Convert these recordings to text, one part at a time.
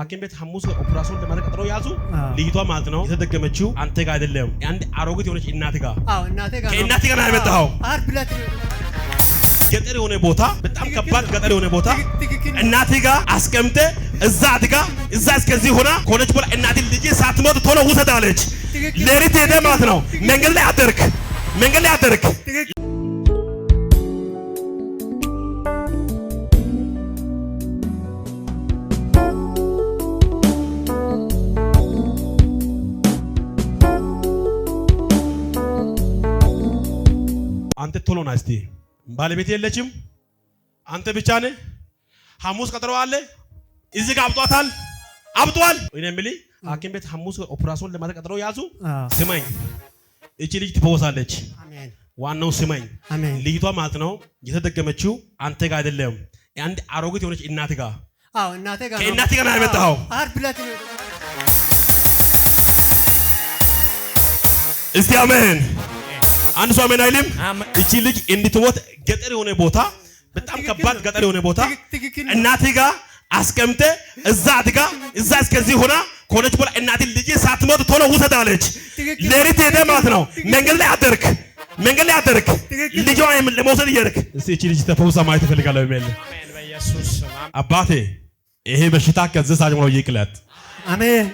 ሐኪም ቤት ሐሙስ ኦፕራሲዮን ለማድረግ ቀጠሮ ያዙ። ልጅቷ ማለት ነው የተደገመችው አንተ ጋር አይደለም፣ አንድ አሮጊት የሆነች እናት ጋር ከእናቴ ጋር ነው የመጣኸው። ገጠር የሆነ ቦታ በጣም ከባድ ገጠር የሆነ ቦታ እናቴ ጋር አስቀምጠ እዛ አድጋ እዛ እስከዚህ ሆና ከሆነች በኋላ እናቴ ልጄ ሳትሞት ቶሎ ውሰዳለች። ሌሊት ሄደ ማለት ነው። መንገድ ላይ አደርክ መንገድ ላይ አደርክ አንተ ቶሎ ና እስቲ። ባለቤት የለችም፣ አንተ ብቻ ነህ። ሐሙስ ቀጠሮ አለ። እዚህ ጋር አብጧታል፣ አብጧል። እኔ የምልህ ሐኪም ቤት ሐሙስ ኦፕራሲዮን ለማድረግ ቀጠሮ ያዙ። ስማኝ፣ እቺ ልጅ ትፈወሳለች። ዋናው ስማኝ፣ ልጅቷ ማለት ነው የተደገመችው አንተ ጋር አይደለም፣ አንድ አሮጊት የሆነች እናት ጋር ከእናት ጋር ነው የመጣኸው። እስቲ አሜን አንድ ሰው አሜን አይልም? እቺ ልጅ እንድትሞት ገጠር የሆነ ቦታ በጣም ከባድ ገጠር የሆነ ቦታ እናቴ ጋ አስቀምጠ እዛ አድጋ እዛ እስከዚህ ሆና ከሆነች በኋላ እናቴ ልጅ ሳትሞት ቶሎ ውሰድ አለች። ሌሊት ሄደ ማለት ነው። መንገድ ላይ አደርክ መንገድ ላይ አደርክ ልጇ ለመውሰድ እየሄድክ እስቲ እቺ ልጅ ተፈውሳ ማየት እፈልጋለሁ። የሚል አባቴ ይሄ በሽታ ከዚህ ሳጅ ጀምሮ ይቅለት። አሜን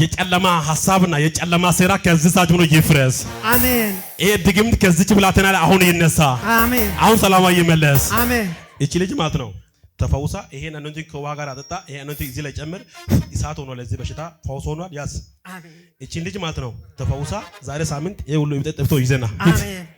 የጨለማ ሀሳብና የጨለማ ሴራ ከዚህ ሰዓት ሆኖ ይፍረስ። አሜን። ይሄ ድግምት ከዚች ብላቴና ላይ አሁን ይነሳ። አሜን። አሁን ሰላማ ይመለስ። አሜን። እቺ ልጅ ማለት ነው ተፈውሳ ይሄን አኖንቲንግ ከውሃ ጋር አጠጣ። ይሄ አኖንቲንግ እዚህ ላይ ጨምር፣ እሳት ሆኗል። ለዚህ በሽታ ፈውስ ሆኗል። ያስ እቺን ልጅ ማለት ነው ተፈውሳ ዛሬ ሳምንት ይሄ ሁሉ